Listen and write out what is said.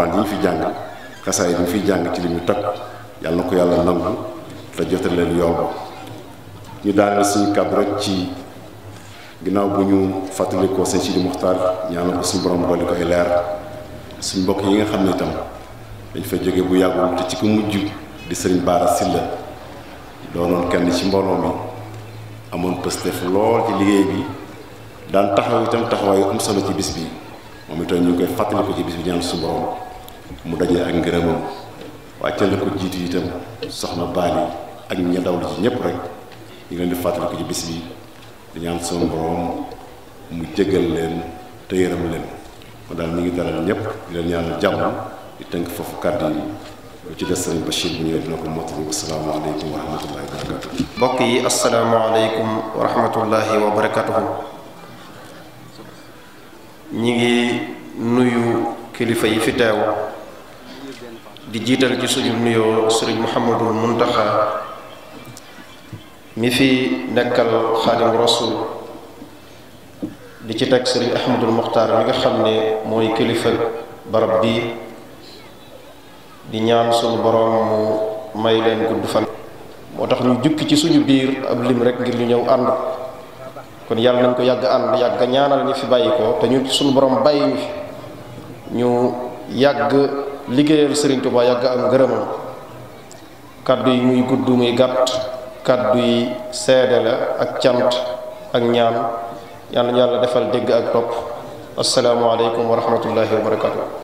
alquran yi fi jang xasaay yi fi jang ci limu ñu yalla yàlla na ko yàlla nangu te jotal leen yomb ñu daaneel suñu kàddu rek ci ginaaw bu ñu fàttalikoo sëñ si di muxtar ñaanal ko suñu borom dolli ko ay leer suñu mbokk yi nga xamne tam dañ fa joge bu yagul te ci ko mujju di sëriñ baara silla doonoon kenn ci mbolo mi amon pestef lol ci liggéey bi dan taxaw itam taxaway am solo ci bis bi moom itam ñu koy fatali ko ci bis bi ñaan suñu borom mu dajee ak ngërëmam waaye ca la ko jiitu itam soxna baali ak ña daw ci ñëpp rek ñu leen di fàttali ko ci bis bi di ñaan sama borom mu jéggal leen te yërëm leen ma daal ñu ngi dalal ñëpp di leen ñaanal jàmm di tënk foofu kàddu yi lu ci des sëriñ Bachir bu ñëwee dina ko mottali wasalaamaaleykum wa rahmatullahi wa barakatuh mbokk yi asalaamaaleykum wa rahmatullahi wa barakatuhu ñi ngi nuyu kilifa yi fi teew di jiital ci suñu nuyo serigne muhammadul muntaha mi fi nekkal khadim rasul di ci teg sëriñ ahmadul muxtaar mi nga xamne moy kilifa barab bi di ñaan suñu borom mu may leen gudd fan motax ñu jukki ci suñu biir ab lim rek ngir ñu ñew and kon yalla nañ ko yag and yag ñaanal ñi fi bayiko te ñu suñu borom bayyi ñu yag liggéeyal Serigne Touba yàgg am ngërëmam kàddu yi muy gudd muy gàtt kàddu yi seede la ak cant ak ñaan yàlla yàlla defal dégg ak topp asalaamaaleykum wa rahmatullahi wa barakatu